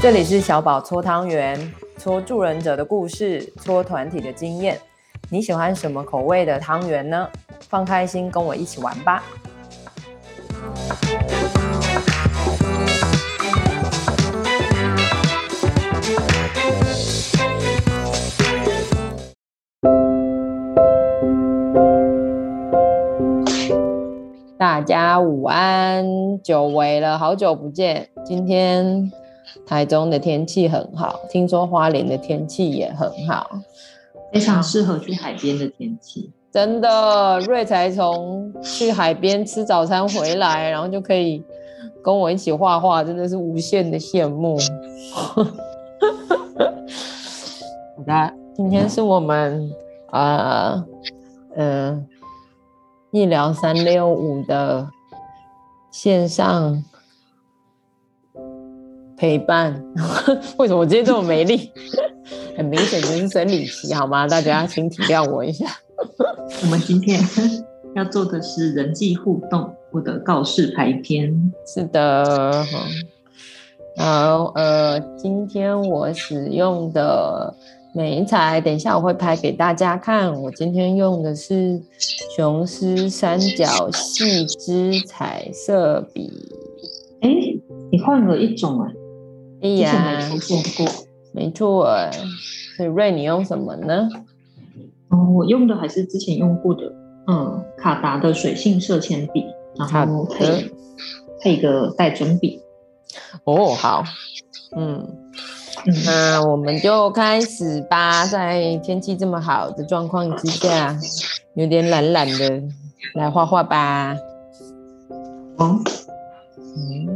這裡是小寶搓湯圓、搓助人者的故事、搓團體的經驗。你喜歡什麼口味的湯圓呢？放開心，跟我一起玩吧！大家午安，久違了，好久不見，今天。台中的天氣很好，聽說花蓮的天氣也很好，非常適合去海邊的天氣。真的，Ray 才從去海邊吃早餐回來，然後就可以跟我一起畫畫，真的是無限的羨慕。 好的，今天是我們啊，嗯、呃呃，藝療365的線上。陪伴？為什麼我今天這麼沒力？很、 欸、明顯，這是生理期，好嗎？大家請體諒我一下。我們今天要做的是人際互動的告示牌篇。是的好。好，呃，今天我使用的媒材，等一下我會拍給大家看。我今天用的是雄獅三角細支彩色筆。哎、欸，你換了一種啊？以呀還用過，哎、沒錯。所以 Ray，你用什麼呢？哦、嗯，我用的還是之前用過的，嗯，卡達的水性色鉛筆，然後配的配個代針筆。哦，好。嗯，嗯，那我們就開始吧。在天氣這麼好的狀況之下，有點懶懶的，來畫畫吧。嗯嗯。嗯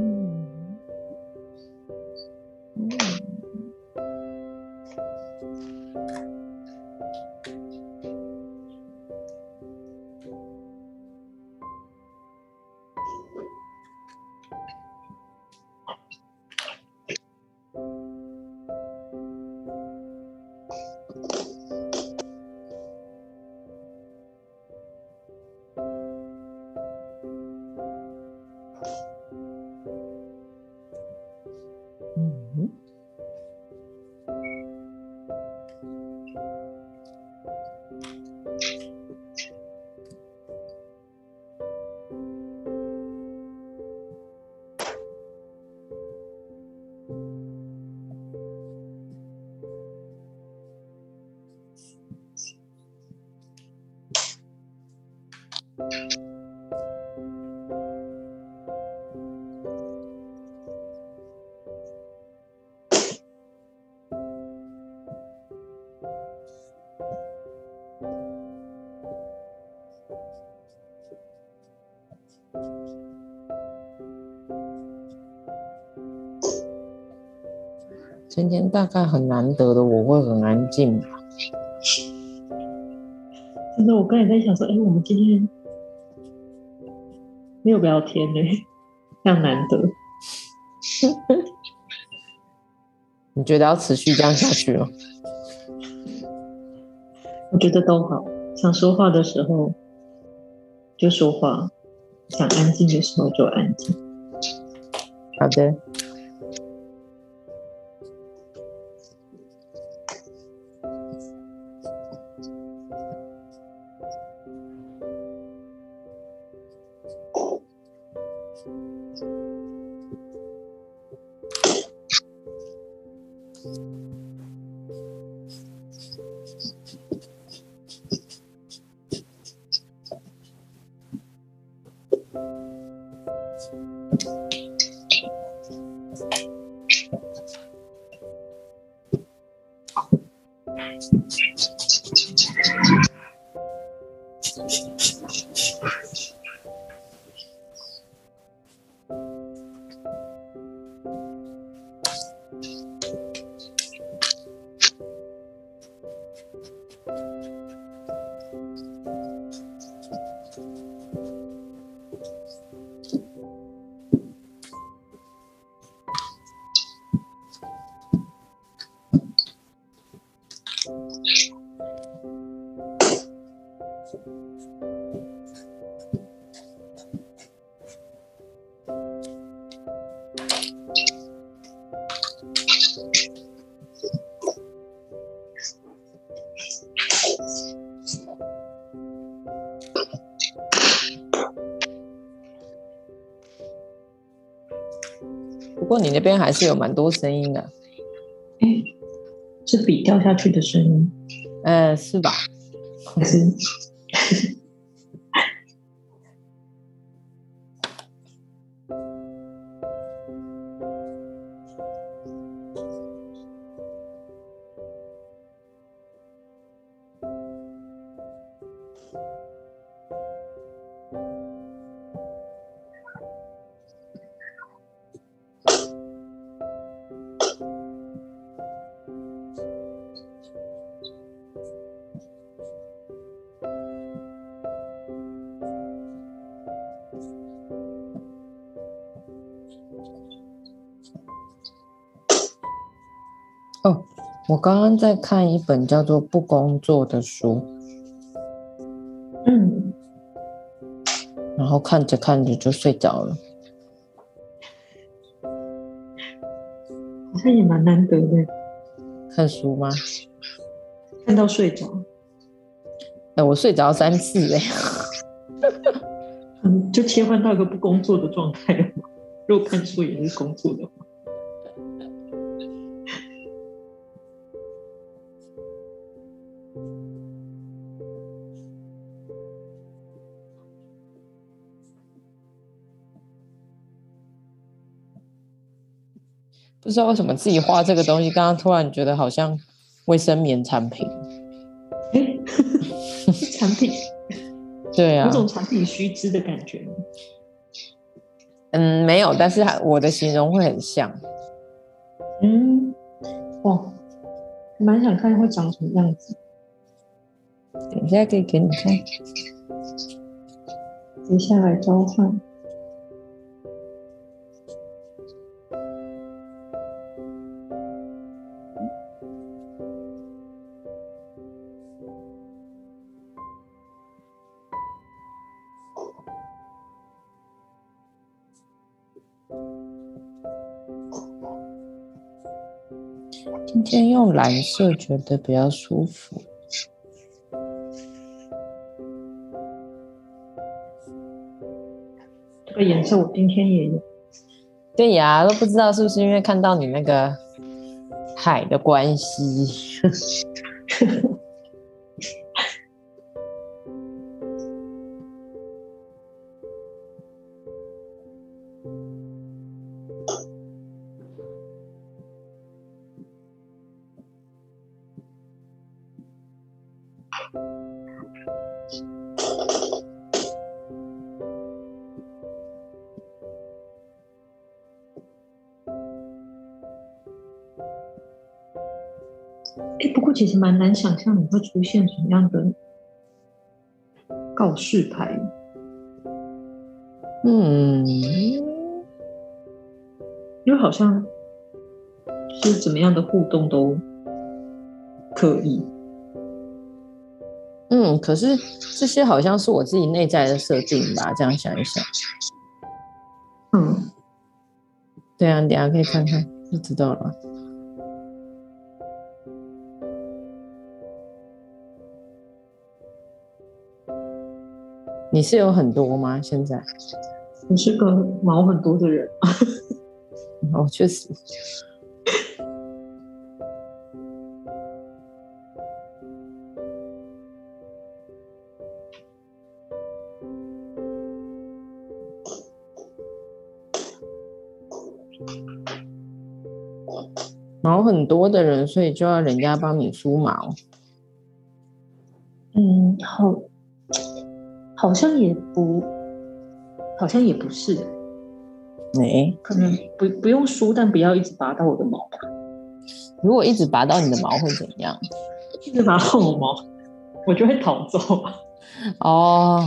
今天大概很難得的，我會很安靜吧。真的，我剛才在想說，哎、欸，我們今天沒有聊天呢、欸，這樣難得。 你覺得要持續這樣下去嗎？ 覺得都好，想說話的時候就說話，想安靜的時候就安靜。好的。不過你那邊還是有蠻多聲音的，哎、嗯，是筆掉下去的聲音，嗯，是吧？還是。我剛剛在看一本叫做《不工作的書》，嗯，然後看着看着就睡着了，好像也蠻難得的。看書嗎？看到睡着。哎，我睡着三次哎、 嗯。就切換到一個不工作的狀態了，如果看書也是工作的話。不知道為什麼自己畫這個東西，剛剛突然覺得好像衛生棉產品，哎， 是產品， 對啊，有種產品須知的感覺。嗯，沒有，但是它我的形容會很像。嗯，哇、哦，蠻想看會長什麼樣子。等一下可以給你看， 接下來召喚。藍色覺得比較舒服，這個顏色我今天也有。對呀、啊，都不知道是不是因為看到你那個海的關係。 不過其實蠻難想象你會出現什麼樣的告示牌，嗯，因為好像是怎麼樣的互動都可以，嗯，可是這些好像是我自己內在的設定吧，這樣想一想，嗯，對啊，你等下可以看看就知道了。你是有很多嗎？現在，你是個毛很多的人。 哦，確實，毛很多的人，所以就要人家幫你梳毛。好像也不，好像也不是。沒、欸，可能不不用梳，但不要一直拔到我的毛吧。如果一直拔到你的毛會怎樣？一直拔到我毛，我就會逃走。哦，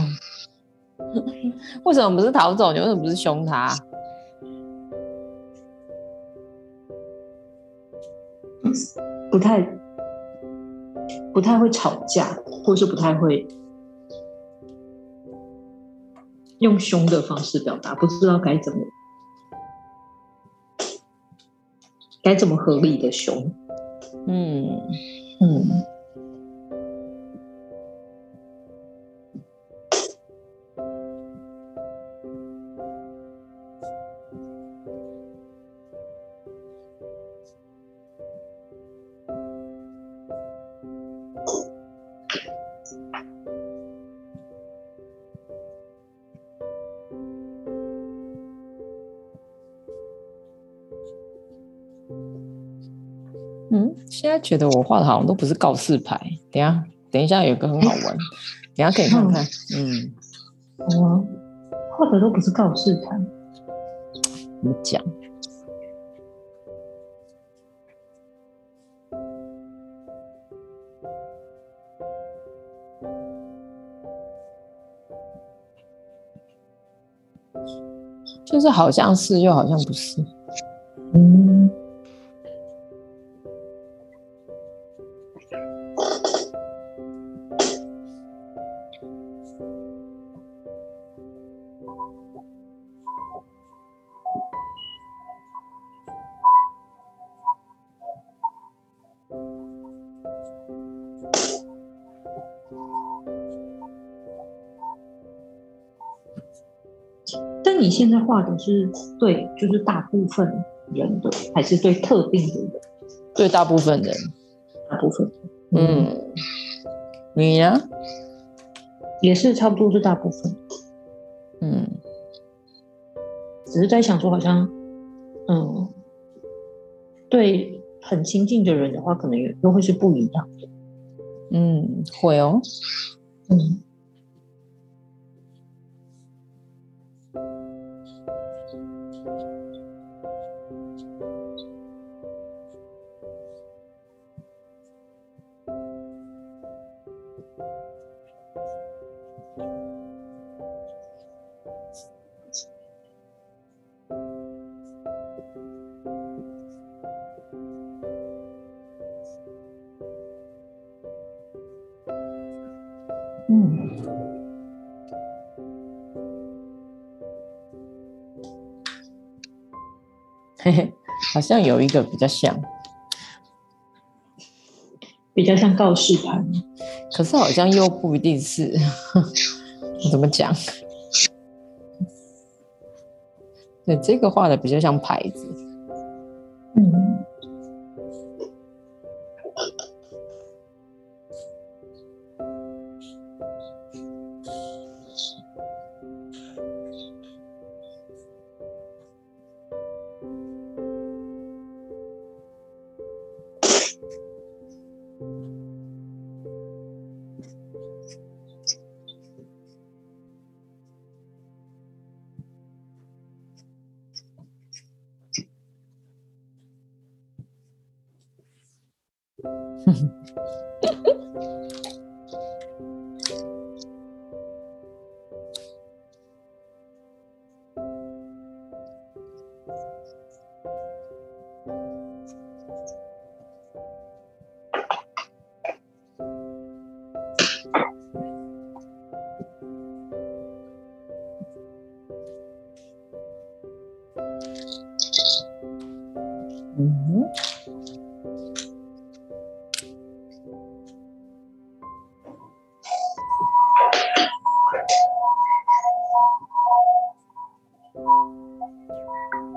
為什麼不是逃走？你為什麼不是凶他？不太，不太會吵架，或是不太會。用兇的方式表達，不知道該怎麼，該怎麼合理的兇，嗯？嗯嗯。覺得我畫的好像都不是告示牌。等下，等一下有一個很好玩，等下可以看看。嗯，哦、嗯，畫、啊、的都不是告示牌，怎麼講？就是好像是又好像不是，嗯。那你現在畫的是，對，就是大部分人的，還是對特定的人？對，大部分人，大部分。嗯，嗯你呀呢，也是差不多是大部分。嗯，只是在想說，好像，嗯，對很親近的人的話，可能又會是不一樣的。嗯，會哦。嗯。好像有一個比較像，比較像告示牌，可是好像又不一定是，怎麼講？對，這個畫的比較像牌子。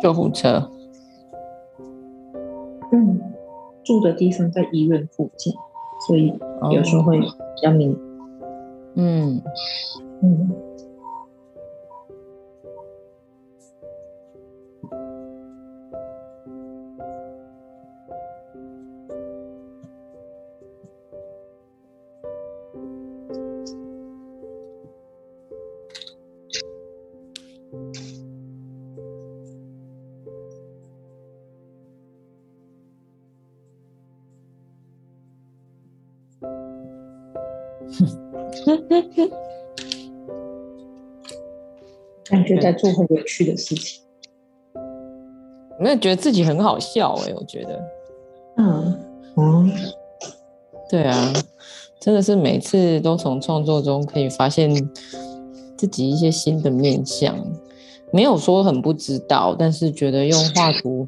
救護車。嗯，住的地方在醫院附近，所以有時候會比較敏感。Oh. 感覺在做很有趣的事情，我沒有覺得自己很好笑哎、欸？我覺得，嗯、啊、嗯，對啊，真的是每次都從創作中可以發現自己一些新的面相面向，沒有說很不知道，但是覺得用畫圖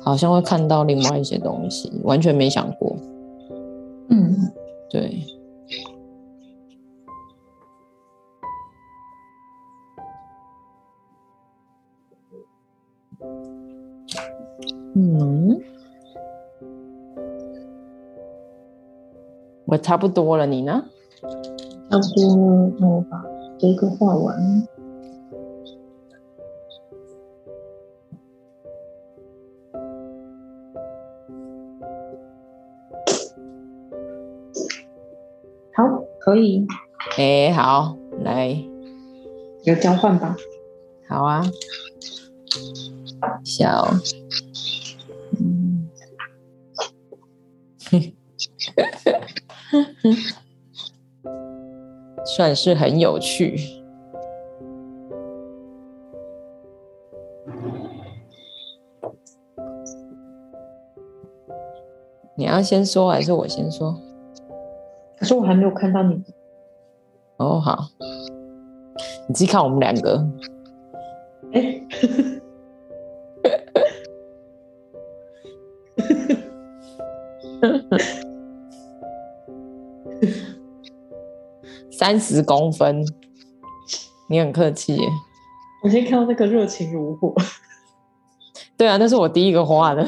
好像會看到另外一些東西，完全沒想過。差不多了，你呢？差不多，那我把這個畫完。好，可以。哎、欸，好，來，有交換吧？好啊。小，嗯，哼。 算是很有趣。你要先說，還是我先說？可是我還沒有看到你。哦，好，你自己看我們兩個。三十公分，你很客氣。我先看到那個熱情如火，對啊，那是我第一個畫的。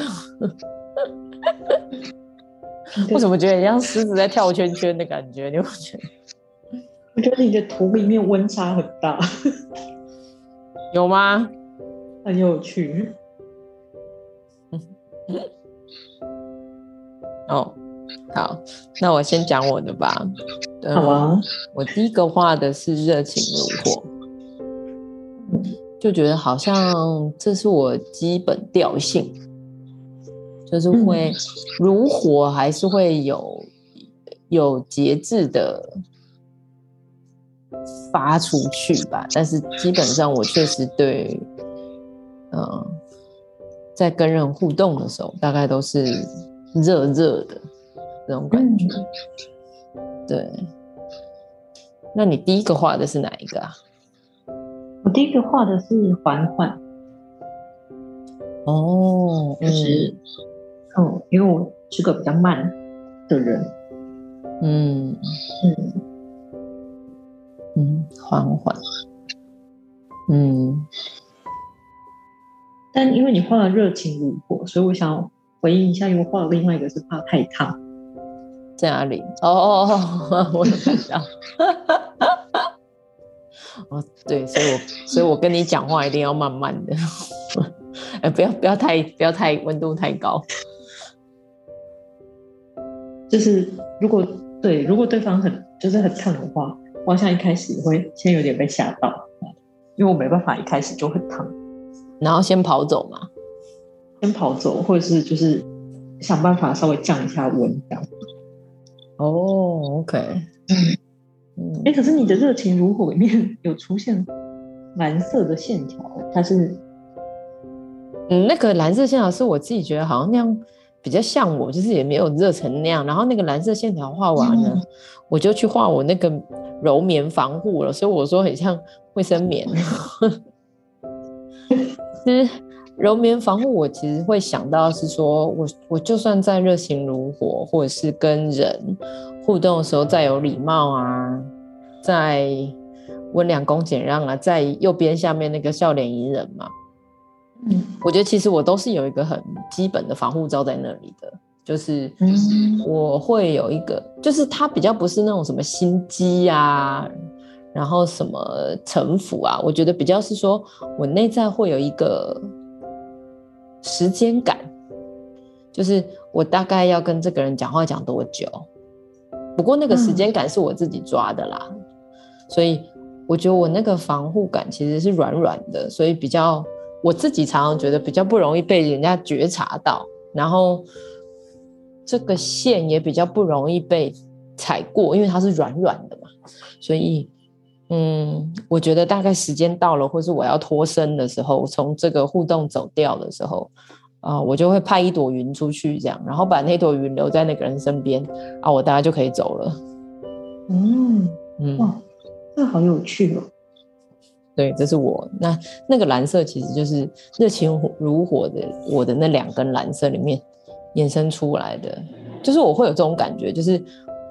對 我怎麼覺得你像獅子在跳圈圈的感覺？你有覺得？我覺得你的圖裡面溫差很大， 有嗎？很有趣。嗯，嗯，哦，好，那我先講我的吧。嗯，啊、我第一個畫的是熱情如火，就覺得好像這是我基本調性，就是會如火，還是會有有節制的發出去吧。但是基本上我確實對，嗯，在跟人互動的時候，大概都是熱熱的那種感覺，嗯、對。那你第一個畫的是哪一個啊？我第一個畫的是緩緩。哦，就是，嗯，嗯，因為我是個比較慢的人。嗯，是，嗯，緩緩，嗯。但因為你畫了熱情如火，所以我想回應一下，因為畫了另外一個是怕太燙。在哪裡？哦哦哦，我想想。 啊、哦，對，所以我所以我跟你講話一定要慢慢的，哎、 欸，不要不要太不要太溫度太高，就是如果對如果對方很就是很燙的話，我好像一開始會先有點被嚇到，因為我沒辦法一開始就很燙，然後先跑走嘛，先跑走，或者是就是想辦法稍微降一下溫度。哦、oh,，OK。 欸、可是你的熱情如火裡面有出現藍色的線條，它是嗯，那個藍色線條是我自己覺得好像那樣比較像我，就是也沒有熱成那樣。然後那個藍色線條畫完了，嗯、我就去畫我那個柔棉防護了，所以我說很像衛生棉。其實。柔棉防護，我其實會想到是說，我我就算再熱情如火，或者是跟人互動的時候再有禮貌啊，在溫良恭儉讓啊，在右邊下面那個笑臉迎人嘛，嗯，我覺得其實我都是有一個很基本的防護罩在那裡的，就是我會有一個，就是它比較不是那種什麼心機啊，然後什麼城府啊，我覺得比較是說我內在會有一個。時間感，就是我大概要跟這個人講話講多久。不過那個時間感是我自己抓的啦，嗯，所以我覺得我那個防護感其實是軟軟的，所以比較我自己常常覺得比較不容易被人家覺察到，然後這個線也比較不容易被踩過，因為它是軟軟的嘛，所以。嗯，我覺得大概時間到了，或是我要脫身的時候，從這個互動走掉的時候，啊、呃，我就會派一朵雲出去，這樣，然後把那朵雲留在那個人身邊，啊，我大概就可以走了。嗯，哇，這好有趣哦。對，這是我那那個藍色其實就是熱情如火的我的那兩根藍色裡面衍生出來的，就是我會有這種感覺，就是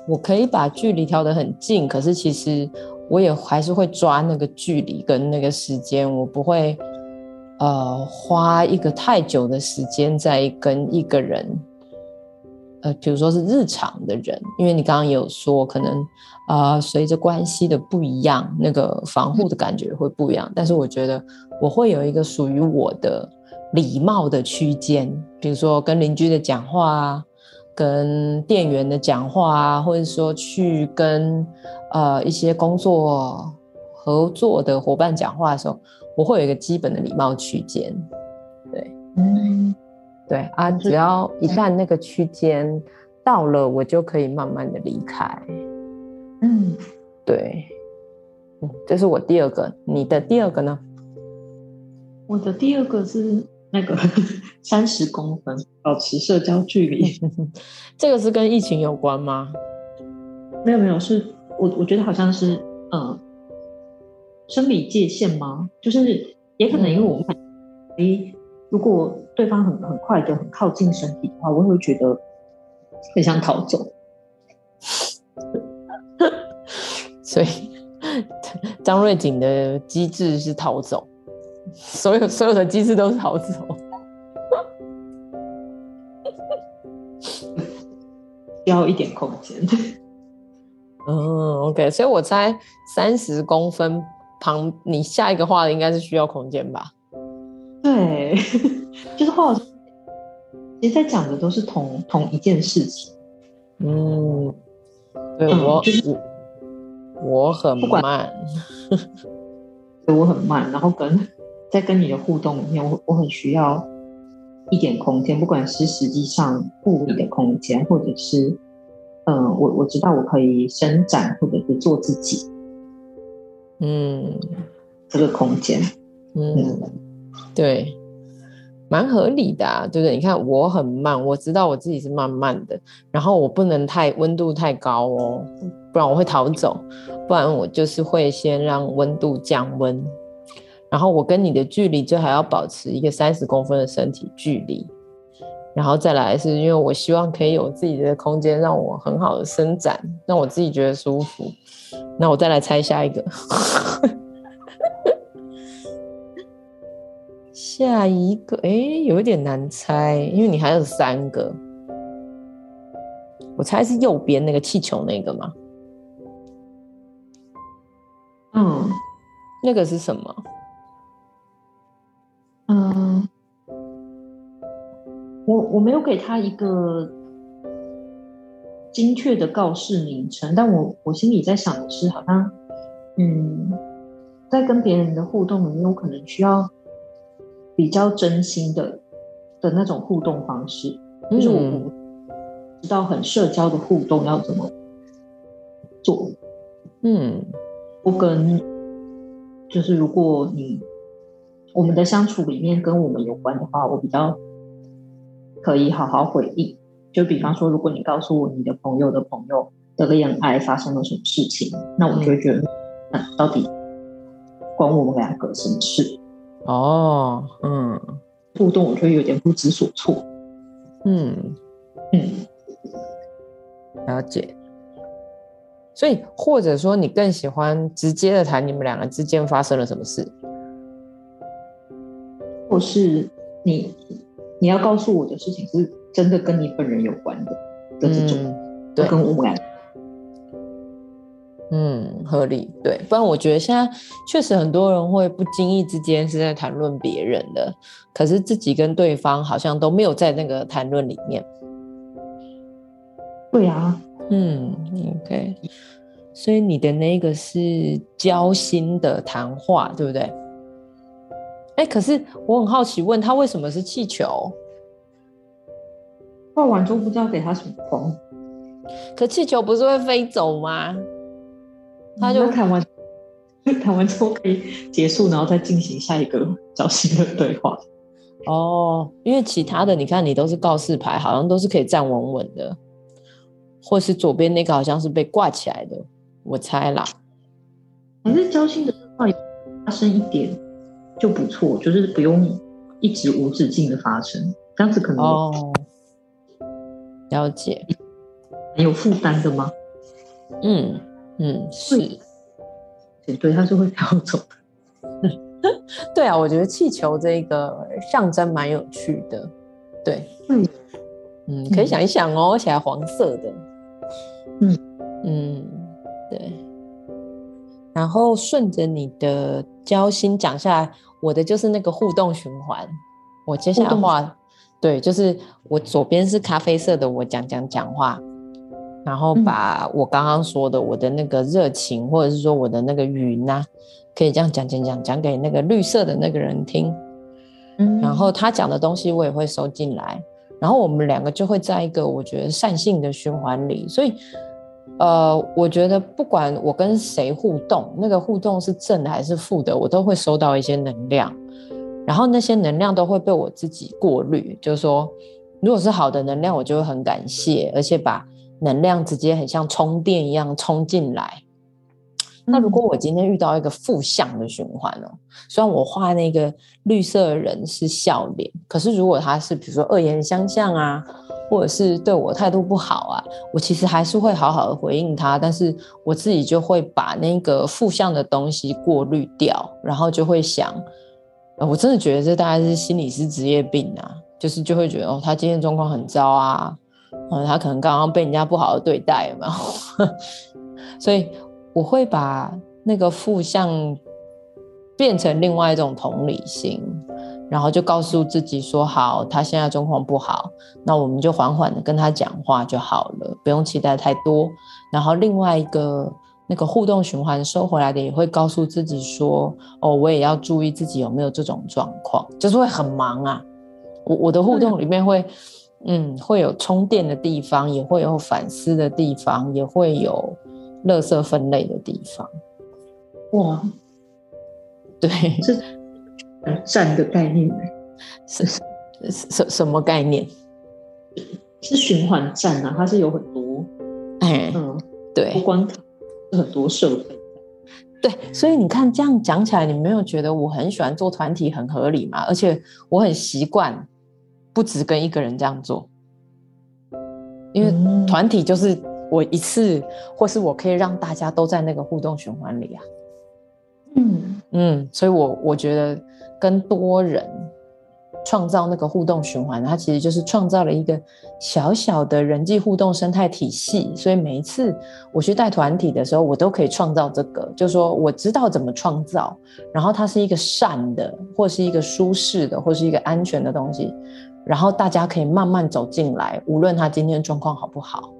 我可以把距離調得很近，可是其實。我也還是會抓那個距離跟那個時間，我不會，呃，花一個太久的時間在跟一個人，呃，比如說是日常的人，因為你剛剛有說，可能啊、呃，隨着關係的不一樣，那個防護的感覺會不一樣。但是我覺得我會有一個屬於我的禮貌的區間，比如說跟鄰居的講話啊。跟店員的講話啊，或者說去跟呃一些工作合作的夥伴講話的時候，我會有一個基本的禮貌區間，對，嗯，對啊，是只要一旦那個區間到了，我就可以慢慢的離開，嗯，對，嗯，這是我第二個，你的第二個呢？我的第二個是。那個三十公分，保持社交距離。 這個是跟疫情有關嗎？沒有沒有，是我我覺得好像是嗯，生理界限嗎？就是也可能因為我們很誒、嗯欸，如果對方很很快的很靠近身體的話，我會覺得很想逃走， 所以張瑞景的機制是逃走。所有所有的機制都是好走， 需要一點空間。嗯，OK，所以我猜三十公分旁，你下一個畫的應該是需要空間吧？對，就是畫。其實在講的都是同同一件事情。嗯，對我、嗯就是、我，我很慢，管 對我很慢，然後跟。在跟你的互動裡面，我我很需要一點空間，不管是實際上物理的空間，或者是，嗯、呃，我我知道我可以伸展，或者是做自己，嗯，這個空間，嗯，嗯對，蠻合理的啊，對不對？你看我很慢，我知道我自己是慢慢的，然後我不能太溫度太高哦，不然我會逃走，不然我就是會先讓溫度降溫。然後我跟你的距離就還要保持一個三十公分的身體距離，然後再來是因為我希望可以有自己的空間，讓我很好的伸展，讓我自己覺得舒服。那我再來猜下一個， 下一個，哎，有一點難猜，因為你還有三個，我猜是右邊那個氣球那個嗎？嗯，那個是什麼？嗯，我我沒有給他一個精確的告示名稱，但我我心裡在想的是，好像，嗯，在跟別人的互動裡面，你有可能需要比較真心的的那種互動方式，就是我不知道很社交的互動要怎麼做。嗯，我跟就是如果你。我們的相處裡面跟我們有關的話，我比較可以好好回應。就比方說，如果你告訴我你的朋友的朋友的戀愛發生了什麼事情，那我就覺得，那、嗯、到底關我們兩個什麼事？哦，嗯，互動我就有點不知所措。嗯嗯，嗯，了解。所以，或者說，你更喜歡直接地談你們兩個之間發生了什麼事？或是你你要告訴我的事情是真的跟你本人有關的的這種跟污感，嗯，嗯，合理對，不然我覺得現在確實很多人會不經意之間是在談論別人的，可是自己跟對方好像都沒有在那個談論裡面。對啊，嗯，OK，所以你的那個是交心的談話，對不對？哎、欸，可是我很好奇，問他為什麼是氣球？畫完之後不知道給他什麼風。可氣球不是會飛走嗎？嗯、他就談完，談完、嗯、之後可以結束，然後再進行下一個交心的對話。哦，因為其他的你看，你都是告示牌，好像都是可以站穩穩的，或是左邊那個好像是被掛起來的，我猜啦。反正交心的對話也發生一點。就不錯，就是不用一直無止境的發生，這樣子可能有有哦，了解，有負擔的嗎？嗯嗯是對，對，它是會飄走的，嗯、 對啊，我覺得氣球這個象徵蠻有趣的，對，嗯嗯可以想一想哦，起來黃色的，嗯嗯對。然後順着你的交心講下來，我的就是那個互動循環。我接下來的話，互動。對，就是我左邊是咖啡色的，我講講講話，然後把我剛剛說的我的那個熱情，嗯、或者是說我的那個語呢、啊，可以這樣講講講講給那個綠色的那個人聽。嗯、然後他講的東西我也會收進來，然後我們兩個就會在一個我覺得善性的循環裡，所以。呃，我覺得不管我跟誰互動，那個互動是正的還是負的，我都會收到一些能量，然後那些能量都會被我自己過濾。就是說，如果是好的能量，我就會很感謝，而且把能量直接很像充電一樣充進來。嗯、那如果我今天遇到一個負向的循環哦，雖然我畫那個綠色的人是笑臉，可是如果他是比如說惡言相向啊。或者是對我態度不好啊，我其實還是會好好的回應他，但是我自己就會把那個負向的東西過濾掉，然後就會想，哦，我真的覺得這大概是心理師職業病啊，就是就會覺得哦，他今天狀況很糟啊，嗯，他可能剛剛被人家不好的對待嘛， 所以我會把那個負向變成另外一種同理心。然後就告訴自己說：“好，他現在狀況不好，那我們就緩緩的跟他講話就好了，不用期待太多。”然後另外一個那個互動循環收回來的也會告訴自己說：“哦，我也要注意自己有沒有這種狀況，就是會很忙啊。我”我我的互動裡面會，嗯，會有充電的地方，也會有反思的地方，也會有垃圾分類的地方。哇，對。站的概念是什什麼概念？是循環站啊，它是有很多哎，嗯，嗯，對，很多設備。對，所以你看這樣講起來，你沒有覺得我很喜歡做團體很合理嗎？而且我很習慣不止跟一個人這樣做，因為團體就是我一次，或是我可以讓大家都在那個互動循環裡啊。嗯嗯，所以我，我我覺得跟多人創造那個互動循環，它其實就是創造了一個小小的人際互動生態體系。所以，每一次我去帶團體的時候，我都可以創造這個，就是說我知道怎麼創造，然後它是一個善的，或是一個舒適的，或是一個安全的東西，然後大家可以慢慢走進來，無論他今天狀況好不好。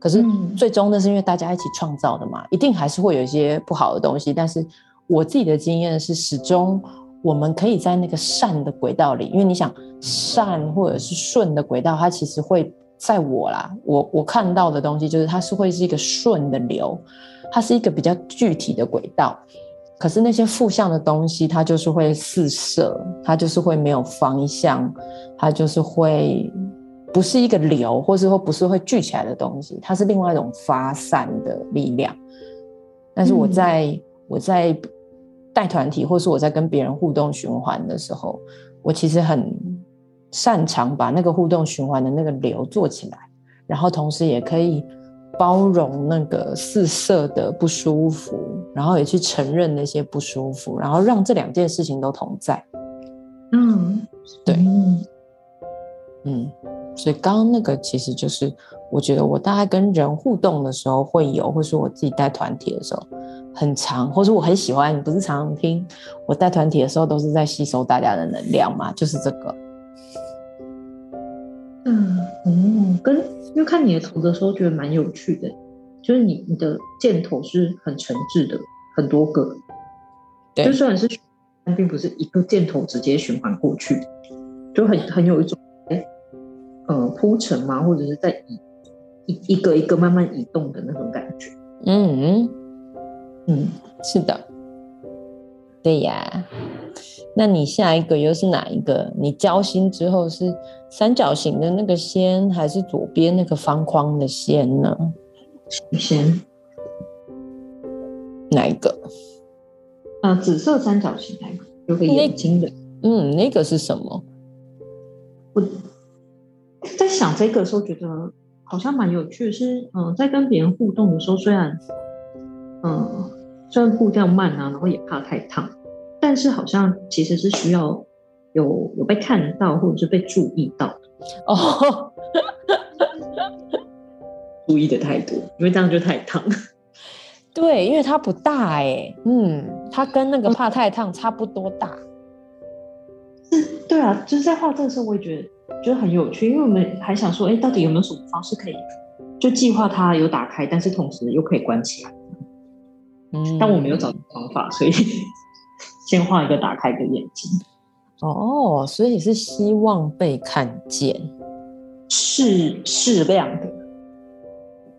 可是最終呢，是因為大家一起創造的嘛，一定還是會有一些不好的東西。但是我自己的經驗是，始終我們可以在那個善的軌道裡，因為你想善或者是順的軌道，它其實會在我啦，我我看到的東西就是它是會是一個順的流，它是一個比較具體的軌道。可是那些負向的東西，它就是會四射，它就是會沒有方向，它就是會。不是一個流，或是說不是會聚起來的東西，它是另外一種發散的力量。但是我在，嗯、我在帶團體，或是我在跟別人互動循環的時候，我其實很擅長把那個互動循環的那個流做起來，然後同時也可以包容那個四色的不舒服，然後也去承認那些不舒服，然後讓這兩件事情都同在。嗯，對，嗯。所以剛剛那個其實就是，我覺得我大概跟人互動的時候會有，或者說我自己帶團體的時候，很常，或者我很喜歡，你不是常常聽。我帶團體的時候都是在吸收大家的能量嘛，就是這個。嗯嗯，跟因為看你的圖的時候覺得蠻有趣的，就是你你的箭頭是很誠摯的，很多個，對就雖然是，但並不是一個箭頭直接循環過去，就很很有一種。嗯，鋪陳嗎？或者是在移一一個一個慢慢移動的那種感覺。嗯嗯，是的，對呀。那你下一個又是哪一個？你交心之後是三角形的那個線，還是左邊那個方框的線呢？先。哪一個？啊，紫色三角形那個，有個眼睛的。嗯，那個是什麼？不。在想這個的時候，覺得好像蠻有趣是，嗯、呃，在跟別人互動的時候，雖然，嗯、呃，雖然步調慢啊，然後也怕太燙，但是好像其實是需要有有被看到，或者是被注意到。哦，oh. 注意的太多，因為這樣就太燙。對，因為它不大誒、欸，嗯，它跟那個怕太燙差不多大，嗯。是，對啊，就是在畫這個時候，我也覺得。就很有趣，因為我們還想說，哎、欸，到底有沒有什麼方式可以就計劃它有打開，但是同時又可以關起來？嗯，但我沒有找到方法，所以先畫一個打開的眼睛。哦，所以是希望被看見，適適量的。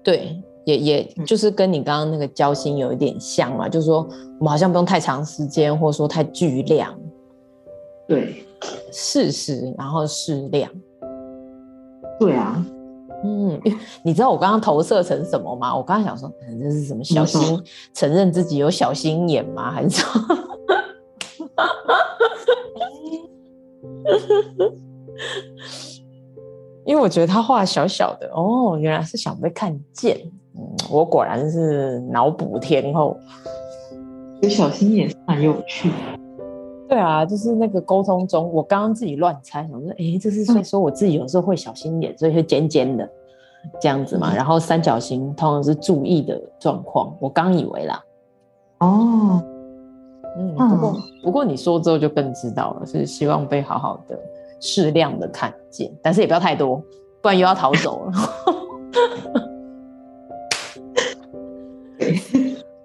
對，也也就是跟你剛剛那個交心有一點像嘛，嗯，就是說我們好像不用太長時間，或者說太鉅量。對。四十，然後適量。對啊，嗯，你知道我剛剛投射成什麼嗎？我剛剛想說，欸，這是什麼小心想承認自己有小心眼嗎？還是說， 因為我覺得他畫小小的哦，原來是想被看見。嗯，我果然是腦補天後。有小心眼蠻有趣的。對啊，就是那個溝通中，我剛剛自己亂猜，我說，哎，這是所以說我自己有時候會小心眼，所以會尖尖的這樣子嘛。然後三角形通常是注意的狀況，我剛以為啦。哦，嗯，不過不過你說之後就更知道了，是希望被好好的適量的看見，但是也不要太多，不然又要逃走了。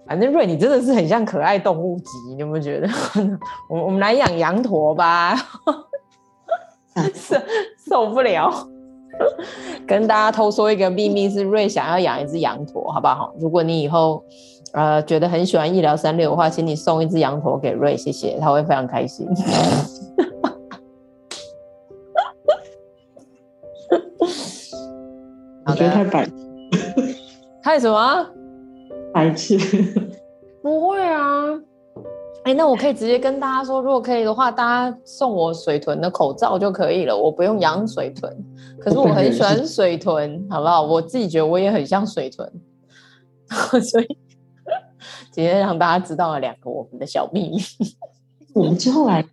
反正 Ray，你真的是很像可愛動物級，你有沒有覺得？ 我們我們來養羊駝吧，受 受不了？ 跟大家偷說一個秘密，是 Ray 想要養一只羊駝，好不好？如果你以後呃覺得很喜歡藝療365的話，請你送一只羊駝給 Ray，謝謝，他會非常開心。 的我覺得太白，太 什麼？白癡，還 不會啊！哎、欸，那我可以直接跟大家說，如果可以的話，大家送我水豚的口罩就可以了，我不用養水豚。可是我很喜歡水豚，好不好？我自己覺得我也很像水豚， 所以直接讓大家知道了兩個我們的小秘密。我們之後來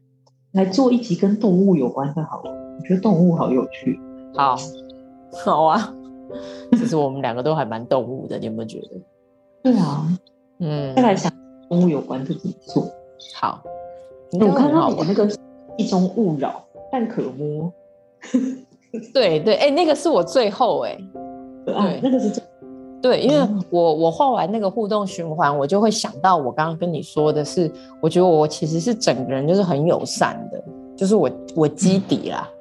來做一集跟動物有關的，好了，我覺得動物好有趣。好，好啊， 其實我們兩個都還蠻動物的，你有沒有覺得？對啊，嗯，再、嗯、來想物有關的怎麼做？好，欸欸、我看到你好那個是一“意中勿擾，但可摸” 對。對對，哎、欸，那個是我最後哎、欸，對，啊、對，那個是最後對，嗯、因為我我畫完那個互動循環，我就會想到我剛剛跟你說的是，我覺得我其實是整個人就是很友善的，就是我我基底啦。嗯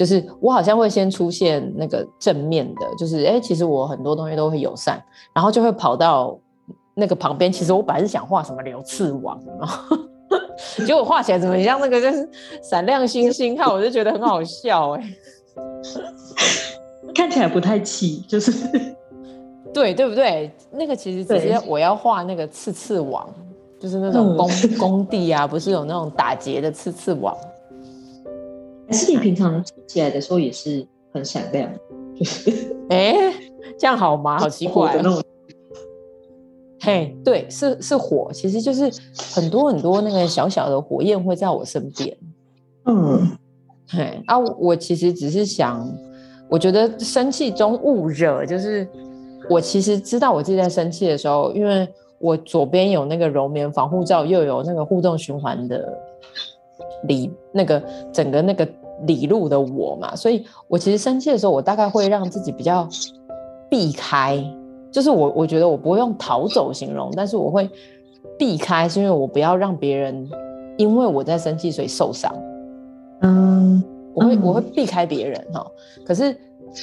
就是我好像會先出現那個正面的，就是哎、欸，其實我很多東西都會友善，然後就會跑到那個旁邊。其實我本來是想畫什麼流刺網，然後結果畫起來怎麼像那個就是閃亮星星？ 看我就覺得很好笑哎、欸， 看起來不太氣，就是對對不對？那個其實只是我要畫那個刺刺網，就是那種工 工地啊，不是有那種打結的刺刺網。是你平常起來的時候也是很閃亮，就是哎，這樣好嗎？好奇怪、哦、的嘿，hey, 對，是是火，其實就是很多很多那個小小的火焰會在我身邊。嗯，嘿、hey, 啊我，我其實只是想，我覺得生氣中勿惹，就是我其實知道我自己在生氣的時候，因為我左邊有那個柔棉防護罩，又有那個互動循環的裡那個整個那個。理路的我嘛，所以我其實生氣的時候，我大概會讓自己比較避開，就是我我覺得我不會用逃走形容，但是我會避開，是因為我不要讓別人因為我在生氣所以受傷。嗯，嗯我會我會避開別人哈、哦。可是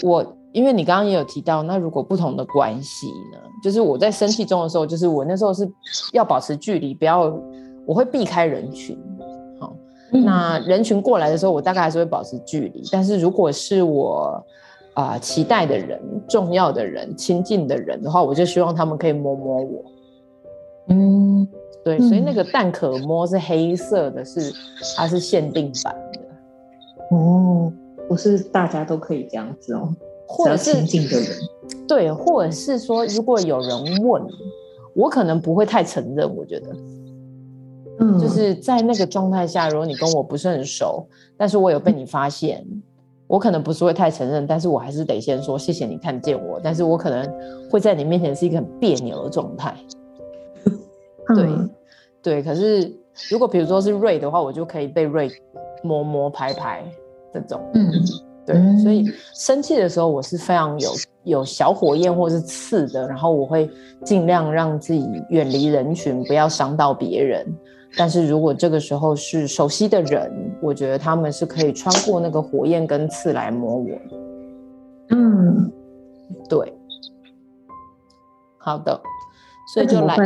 我因為你剛剛也有提到，那如果不同的關係呢？就是我在生氣中的時候，就是我那時候是要保持距離，不要我會避開人群。那人群過來的時候，我大概還是會保持距離。但是如果是我啊、呃、期待的人、重要的人、親近的人的話，我就希望他們可以摸摸我。嗯，對，所以那個蛋可摸是黑色的是，是它是限定版的。哦，不是大家都可以這樣子哦，或者親近的人，對，或者是說如果有人問，我可能不會太承認，我覺得。就是在那個狀態下，如果你跟我不是很熟，但是我有被你發現，我可能不是會太承認，但是我還是得先說謝謝你看見我，但是我可能會在你面前是一個很別扭的狀態。嗯、對，對，可是如果比如說是 Ray 的話，我就可以被 Ray 摸摸拍拍這種。嗯，對，所以生氣的時候我是非常有有小火焰或是刺的，然後我會盡量讓自己遠離人群，不要傷到別人。但是如果這個時候是熟悉的人，我覺得他們是可以穿過那個火焰跟刺來摸我。嗯，對，好的，所以就來。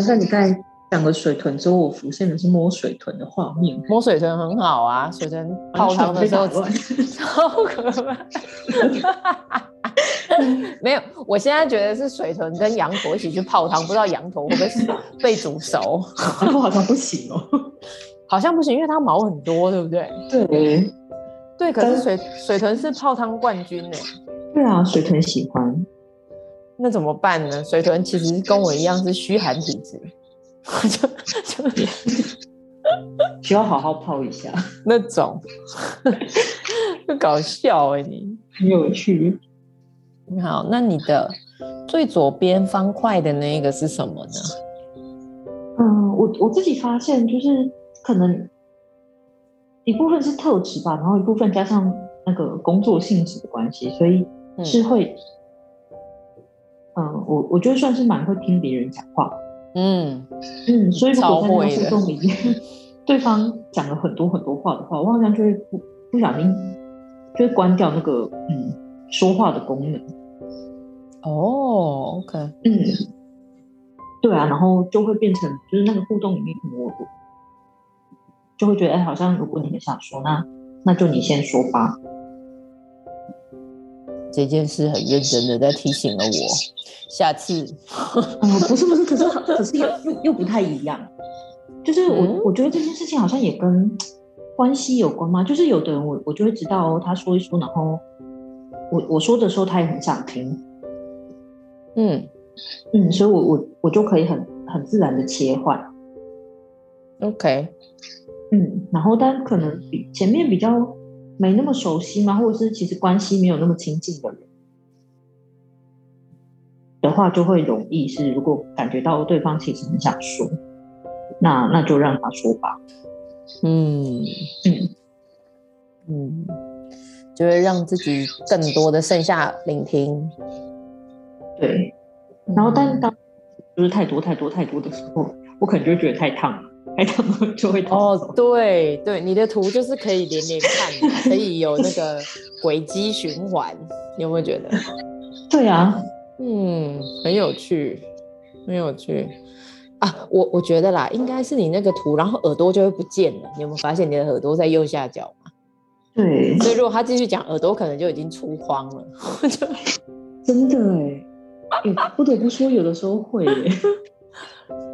兩個水豚之後，我浮現的是摸水豚的畫面。摸水豚很好啊，水豚泡湯的時候超可愛。 沒有，我現在覺得是水豚跟羊駝一起去泡湯， 不知道羊駝會不會被煮熟？ 好像不行哦、喔，好像不行，因為它毛很多，對不對？對，對。可是水跟 水豚是泡湯冠軍哎、欸。對啊，水豚喜歡。那怎麼辦呢？水豚其實跟我一樣是虛寒體質。我 就就這喜樣 需要好好泡一下 那種， 又搞笑哎、欸，你很有趣。你好，那你的最左邊方塊的那個是什麼呢？嗯，我我自己發現，就是可能一部分是特質吧，然後一部分加上那個工作性質的關係，所以是會嗯，嗯，我我覺得算是蠻會聽別人講話。嗯嗯，嗯，所以說，如果在那個互動裡面，對方講了很多很多話的話，我好像就會不不小心，就會關掉那個嗯說話的功能。哦，OK，嗯，對啊，對然後就會變成就是那個互動裡面，我就會覺得，哎、欸，好像如果你們想說，那那就你先說吧。這件事很認真的在提醒了我，下次， 嗯、不是不是，可是可是又又又不太一樣，就是我、嗯、我覺得這件事情好像也跟關係有關嘛，就是有的人我我就會知道哦，他說一說，然後我我說的時候他也很想聽，嗯嗯，所以我我我就可以很很自然的切換，OK，嗯，然後但可能比前面比較。沒那麼熟悉嗎？或者是其實關係沒有那麼親近的人的話，就會容易是，如果感覺到對方其實很想說，那那就讓他說吧。嗯嗯嗯，嗯嗯就會讓自己更多的剩下聆聽。對，然後但當就是太多太多太多的時候，我可能就會覺得太燙了。耳朵就會哦，對對，你的圖就是可以連連看， 可以有那個軌跡循環，你有沒有覺得？對啊，嗯，很有趣，很有趣啊！我我覺得啦，應該是你那個圖，然後耳朵就會不見了。你有沒有發現你的耳朵在右下角嗎？對，所以如果他繼續講，耳朵可能就已經出框了。我就真的、欸欸，不得不說，有的時候會、欸。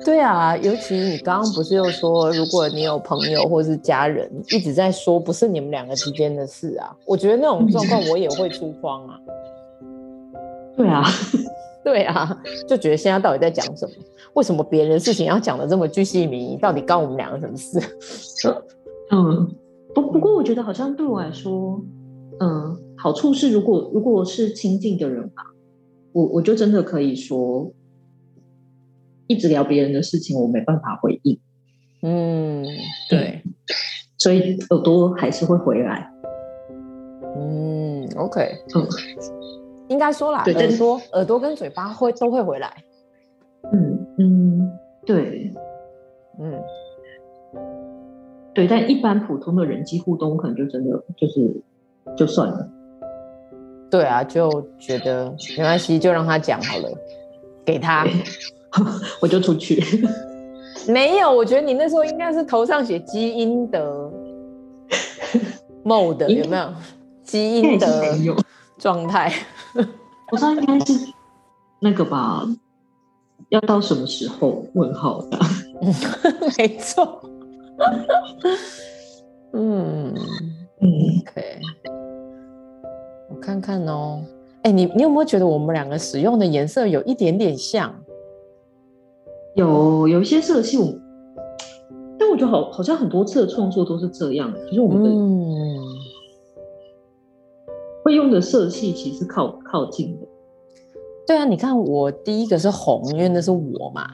對啊，尤其你剛剛不是又說，如果你有朋友或是家人一直在說，不是你們兩個之間的事啊，我覺得那種狀況我也會出框啊。對啊，對啊，就覺得現在到底在講什麼？為什麼別人的事情要講得這麼鉅細靡遺？到底幹我們兩個什麼事？嗯，不不過我覺得好像對我來說，嗯，好處是如果如果我是親近的人吧，我我就真的可以說。一直聊別人的事情，我沒辦法回應。嗯，對，所以耳朵還是會回來。嗯，OK，嗯，應該說啦，等於說對，耳朵，耳朵跟嘴巴會都會回來。嗯嗯，對，嗯，對。但一般普通的人機互動，可能就真的就是就算了。對啊，就覺得沒關係，就讓他講好了，給他。 我就出去，沒有。我覺得你那時候應該是頭上寫基因的 mode, 該，mode 有沒有基因的狀態？我猜應該是那個吧。 要到什麼時候？問號的， 沒錯錯。 嗯嗯，OK。我看看哦，哎、欸，你你有沒有覺得我們兩個使用的顏色有一點點像？有有一些色系我，但我覺得好，好像很多次的創作都是這樣。其實、就是、我們的會用的色系其實是靠靠近的。對啊，你看我第一個是紅，因為那是我嘛。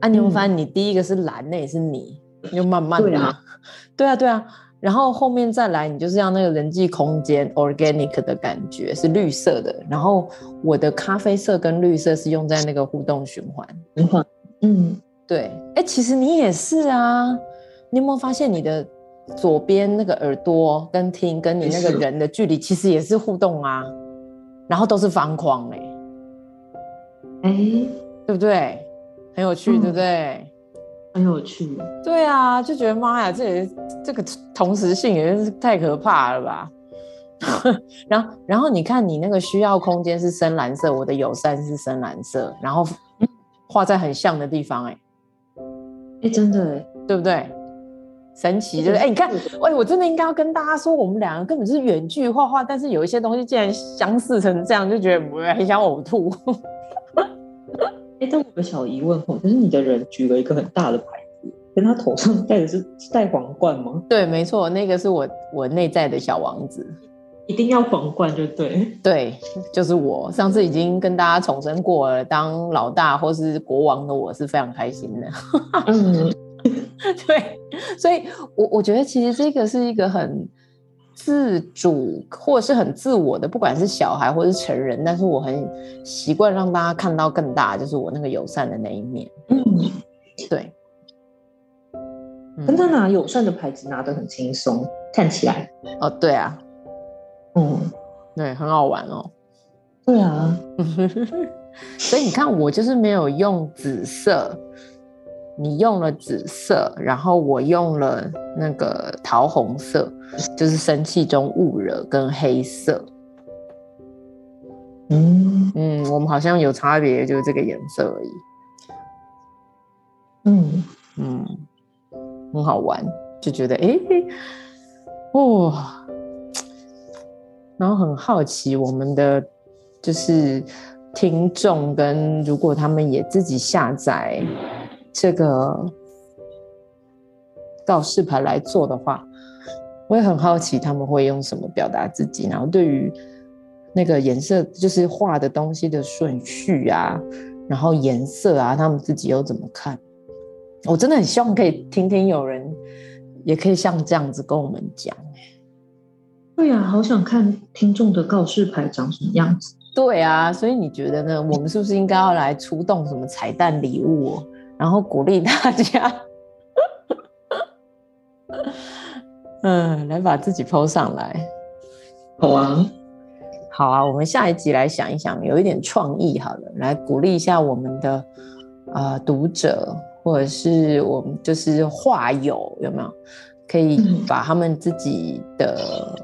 啊，你會發現你第一個是藍，嗯、那也是你。又慢慢的、啊，對啊, 對啊,對啊。然後後面再來，你就是讓那個人際空間，organic 的感覺是綠色的。然後我的咖啡色跟綠色是用在那個互動循環。 嗯，對，哎，其實你也是啊，你有沒有發現你的左邊那個耳朵跟聽跟你那個人的距離其實也是互動啊，然後都是方框哎、欸，哎、欸，對不對？很有趣，嗯、對不對？很有趣。對啊，就覺得媽呀，這也這個同時性也是太可怕了吧？ 然後，然後你看你那個需要空間是深藍色，我的友善是深藍色，然後。畫在很像的地方，欸，哎，哎，真的，欸，對不對？神奇，就是哎、欸欸，你看，哎、欸，我真的應該要跟大家說，我們兩個根本就是遠距畫畫，但是有一些東西竟然相似成這樣，就覺得很想嘔吐。哎、 欸，我有個小疑問哈、哦，就是你的人舉了一個很大的牌子，跟他頭上戴的是，是戴皇冠嗎？對，沒錯，那個是我我內在的小王子。一定要皇冠就對對，就是我上次已經跟大家重申過了，當老大或是國王的我是非常開心的。 嗯哼，對，所以，我我覺得其實這個是一個很自主或是很自我的，不管是小孩或是成人，但是我很習慣讓大家看到更大，就是我那個友善的那一面。嗯哼，對，跟他拿友善的牌子拿得很輕鬆，看起來哦，對啊。嗯，對，很好玩哦。對啊， 所以你看，我就是沒有用紫色，你用了紫色，然後我用了那個桃紅色，就是生氣中誤惹跟黑色。嗯嗯，我們好像有差別，就是這個顏色而已。嗯嗯，很好玩，就覺得哎，哇、欸。嘿然後很好奇我們的就是聽眾跟如果他們也自己下載這個告示牌來做的話，我也很好奇他們會用什麼表達自己。然後對於那個顏色，就是畫的東西的順序啊，然後顏色啊，他們自己又怎麼看？我真的很希望可以聽聽有人也可以像這樣子跟我們講。對啊，好想看聽眾的告示牌長什麼樣子。對啊，所以你覺得呢？我們是不是應該要來出動什麼彩蛋禮物，然後鼓勵大家？ 嗯，來把自己 PO 上來。好啊，好啊，我們下一集來想一想，有一點創意好了，來鼓勵一下我們的啊、呃、讀者，或者是我們就是畫友，有沒有？可以把他們自己的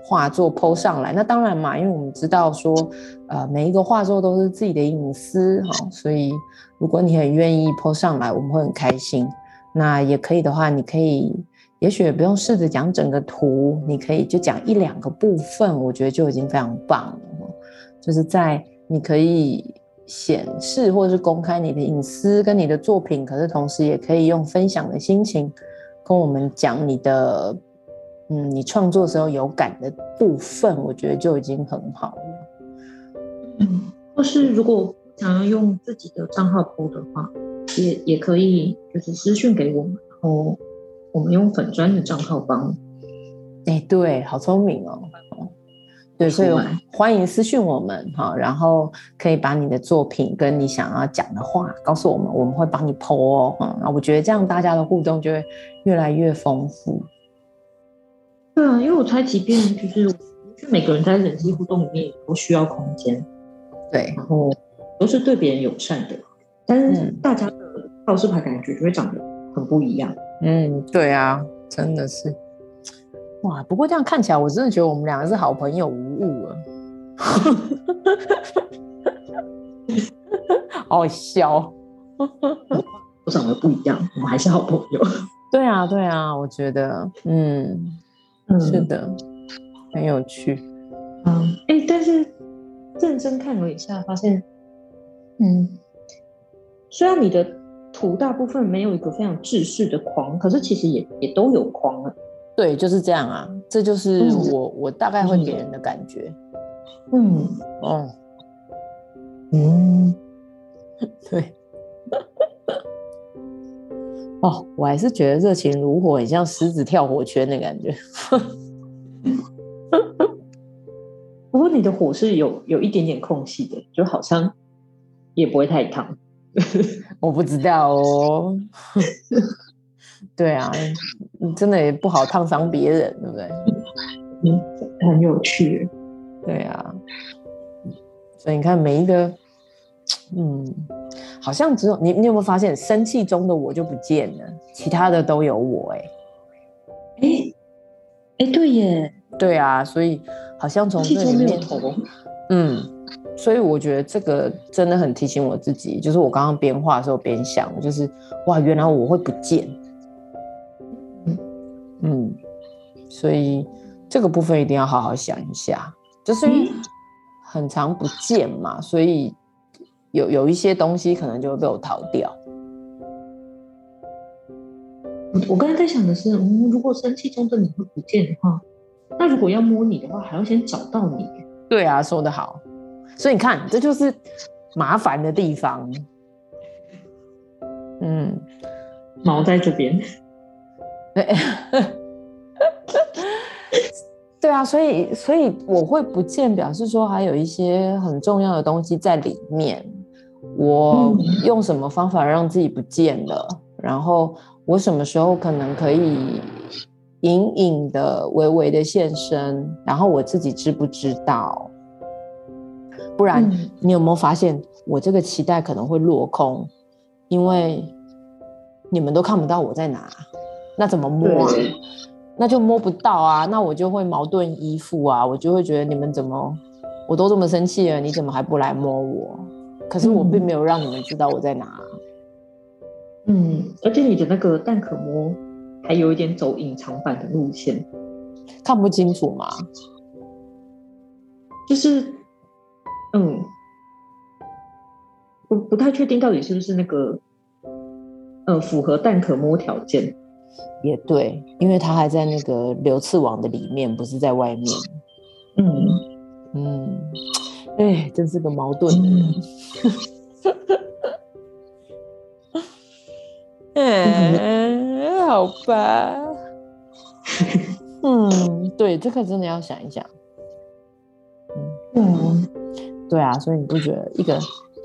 畫作 PO 上來，那當然嘛，因為我們知道說，呃，每一個畫作都是自己的隱私哈，哦，所以如果你很願意 PO 上來，我們會很開心。那也可以的話，你可以，也許不用試着講整個圖，你可以就講一兩個部分，我覺得就已經非常棒了。就是在你可以顯示或者是公開你的隱私跟你的作品，可是同時也可以用分享的心情。跟我們講你的，嗯，你創作時候有感的部分，我覺得就已經很好了。嗯，或是如果想要用自己的賬號播的話，也也可以，就是私訊給我們，然後我們用粉專的賬號幫。哎、欸，對，好聰明哦。對，所以歡迎私訊我們哈，然後可以把你的作品跟你想要講的話告訴我們，我們會幫你 Po 哦。嗯，啊，我覺得這樣大家的互動就會越來越豐富。對啊，因為我猜即便就是就每個人在人際互動裡面也都需要空間。對，然、嗯、後都是對別人友善的，嗯、但是大家的告示牌感覺就會長得很不一樣。嗯，對啊，真的是。哇！不過這樣看起來，我真的覺得我們兩個是好朋友無誤了、啊。 好笑，我長得不一樣，我們還是好朋友。對啊，對啊，我覺得，嗯，嗯是的，很有趣。嗯，哎、欸，但是認真看了一下，發現，嗯，嗯雖然你的圖大部分沒有一個非常制式的框，可是其實也也都有框啊。對，就是這樣啊，這就是我、嗯、我大概會給人的感覺。嗯，嗯，哦，嗯，對， 哦，我還是覺得熱情如火，很像獅子跳火圈的感覺。 不過你的火是有有一點點空隙的，就好像也不會太燙。 我不知道哦。 對啊，你真的也不好燙傷別人，對不對？嗯，很有趣。對啊，所以你看每一個，嗯，好像只有你，你有沒有發現，生氣中的我就不見了，其他的都有我，欸，哎，欸，哎，欸，對耶，對啊，所以好像從這頭氣中沒有，嗯，所以我覺得這個真的很提醒我自己，就是我剛剛邊畫的時候邊想，就是哇，原來我會不見。嗯，所以這個部分一定要好好想一下，就是很常不見嘛，所以有有一些東西可能就會被我逃掉。我我剛才在想的是，嗯，如果生氣中的你會不見的話，那如果要摸你的話，還要先找到你。對啊，說得好，所以你看，這就是麻煩的地方。嗯，毛在這邊。對， 對啊，所以所以我會不見，表示說還有一些很重要的東西在裡面。我用什麼方法讓自己不見了？然後我什麼時候可能可以隱隱的、微微的現身？然後我自己知不知道？不然你有沒有發現，我這個期待可能會落空，因為你們都看不到我在哪。那怎麼摸？對那就摸不到啊！那我就會矛盾依附啊！我就會覺得你們怎麼，我都這麼生氣了，你怎麼還不來摸我？可是我並沒有讓你們知道我在哪。嗯，而且你的那個蛋殼摸，還有一點走隱藏版的路線，看不清楚嗎？就是，嗯，不不太確定到底是不是那個，呃，符合蛋殼摸條件。也對，因為他還在那個流刺網的裡面，不是在外面。嗯嗯，哎、嗯，真、欸、是個矛盾的人。呵呵呵呵。嗯，好吧。 嗯，對，這個真的要想一想。嗯，對啊，對啊，所以你不覺得一個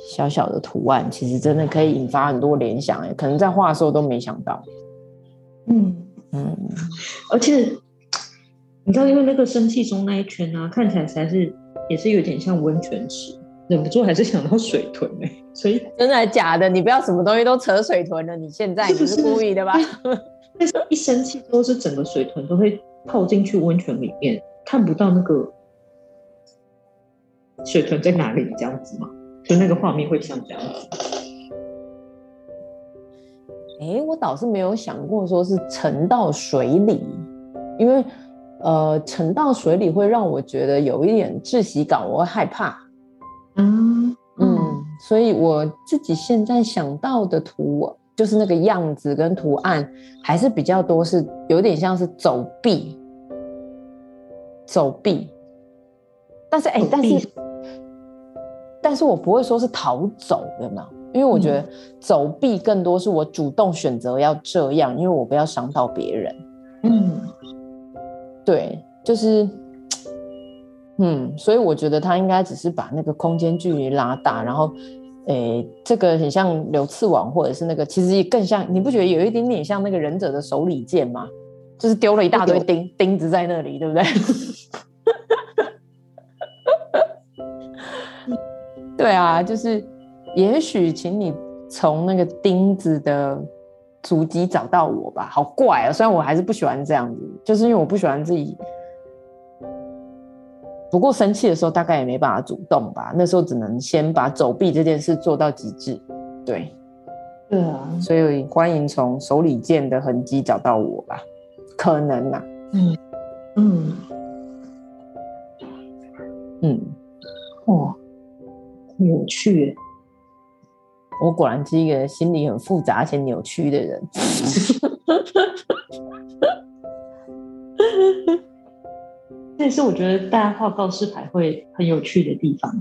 小小的圖案，其實真的可以引發很多聯想、欸？哎，可能在畫的時候都沒想到。嗯嗯，而且你知道，因為那個生氣中那一圈呢，啊，看起來才是也是有點像溫泉池，忍不住還是想到水豚誒、欸。所以真的假的？你不要什麼東西都扯水豚了。你現在你是故意的吧？是是那時候一生氣，都是整個水豚都會泡進去溫泉裡面，看不到那個水豚在哪裡這樣子嘛，就那個畫面會像這樣子。誒，我倒是沒有想過說是沉到水裡，因為，呃，沉到水裡會讓我覺得有一點窒息感，我會害怕。嗯嗯，所以我自己現在想到的圖，就是那個樣子跟圖案，還是比較多是有點像是走壁、走壁，但是誒，走壁，但是，但是我不會說是逃走的嘛。因為我覺得走避更多是我主動選擇要這樣，嗯、因為我不要傷到別人。嗯，對，就是，嗯，所以我覺得他應該只是把那個空間距離拉大，然後，誒，這個很像流刺網，或者是那個，其實也更像，你不覺得有一點點像那個忍者的手裡劍嗎？就是丟了一大堆釘釘子在那裡，對不對？對啊，就是。也許，請你從那個釘子的足跡找到我吧。好怪啊！雖然我還是不喜歡這樣子，就是因為我不喜歡自己。不過生氣的時候，大概也沒辦法主動吧。那時候只能先把走避這件事做到極致。對，對啊。所以歡迎從手裡劍的痕跡找到我吧。可能啊。嗯嗯嗯。嗯嗯哦，有趣。我果然是一個心理很複雜且扭曲的人。 這也是我覺得大家畫告示牌會很有趣的地方的。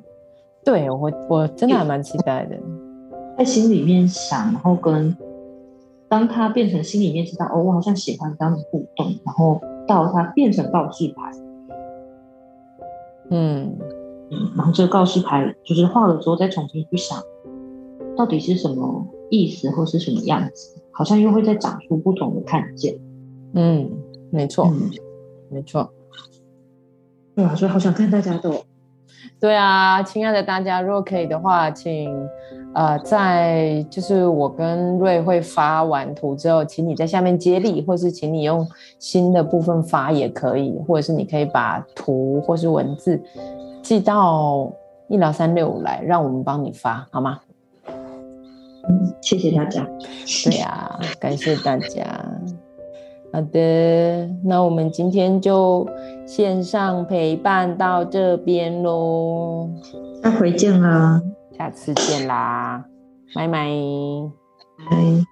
對，我，我真的還蠻期待的。在心裡面想，然後跟當他變成心裡面知道哦，我好像喜歡這樣子互動，然後到他變成告示牌，嗯嗯，然後這個告示牌就是畫了之後再重新去想。到底是什麼意思，或是什麼樣子？好像又會再長出不同的看見。嗯，沒錯，嗯、沒錯錯。哇、啊，所以好想看大家的。對啊，親愛的大家，如果可以的話，請呃，在就是我跟 Ray 會發完圖之後，請你在下面接力，或是請你用新的部分發也可以，或者是你可以把圖或是文字寄到藝療365來，讓我們幫你發，好嗎？嗯、謝謝大家，對呀、啊，感謝大家。好的，那我們今天就線上陪伴到這邊嘍，下回見啦，下次見啦，拜拜，拜。